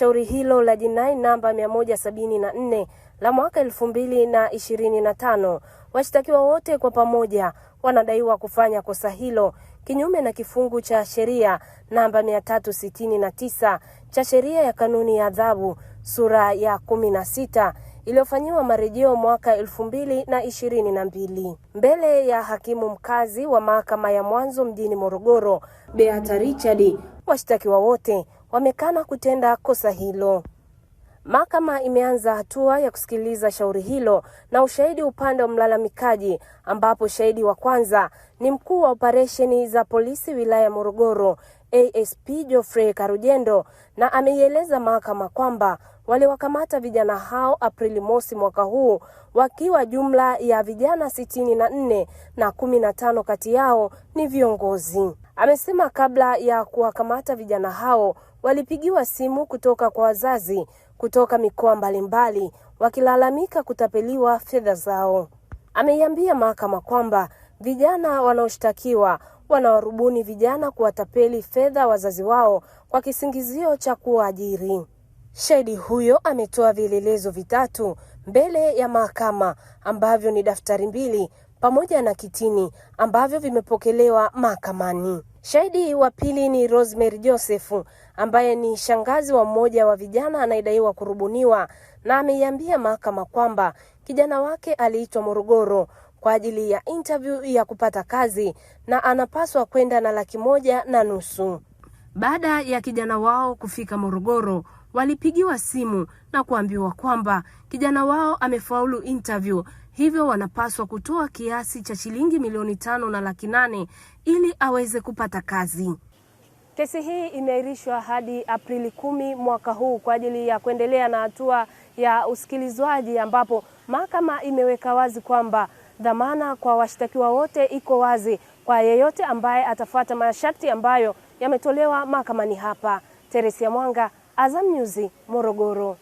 shauri hilo la jinai namba 174 la mwaka 2025. Washtakiwa wote kwa pamoja wanadaiwa kufanya kosa hilo kinyume na kifungu cha sheria namba 369 cha sheria ya kanuni ya adhabu sura ya 16 iliyofanyiwa marejeo mwaka 2022 mbele ya hakimu mkazi wa mahakama ya mwanzo mjini Morogoro, Beata Richard. Washtakiwa wote wamekana kutenda kosa hilo. Mahakama imeanza hatua ya kusikiliza shauri hilo na ushahidi upande wa mlalamikaji, ambapo shahidi wa kwanza ni mkuu wa operesheni za polisi wilaya ya Morogoro, ASP Geoffrey Karujendo, na ameieleza mahakama kwamba waliwakamata vijana hao Aprili mosi mwaka huu wakiwa jumla ya vijana sitini na nne na kumi na tano kati yao ni viongozi. Amesema kabla ya kuwakamata vijana hao walipigiwa simu kutoka kwa wazazi kutoka mikoa mbalimbali wakilalamika kutapeliwa fedha zao. Ameiambia mahakama kwamba vijana wanaoshtakiwa wanawarubuni vijana kuwatapeli fedha wazazi wao kwa kisingizio cha kuwaajiri. shaidi huyo ametoa vielelezo vitatu mbele ya mahakama ambavyo ni daftari mbili pamoja na kitini ambavyo vimepokelewa mahakamani. Shahidi wa pili ni Rosemary Josefu ambaye ni shangazi wa mmoja wa vijana anayedaiwa kurubuniwa, na ameiambia mahakama kwamba kijana wake aliitwa Morogoro kwa ajili ya interview ya kupata kazi na anapaswa kwenda na laki moja na nusu. Baada ya kijana wao kufika Morogoro, walipigiwa simu na kuambiwa kwamba kijana wao amefaulu interview, hivyo wanapaswa kutoa kiasi cha shilingi milioni tano na laki nane ili aweze kupata kazi. Kesi hii imeahirishwa hadi Aprili kumi mwaka huu kwa ajili ya kuendelea na hatua ya usikilizwaji ambapo mahakama imeweka wazi kwamba Dhamana kwa washtakiwa wote iko wazi kwa yeyote ambaye atafuata masharti ambayo yametolewa mahakamani hapa. Teresia Mwanga, Azam News, Morogoro.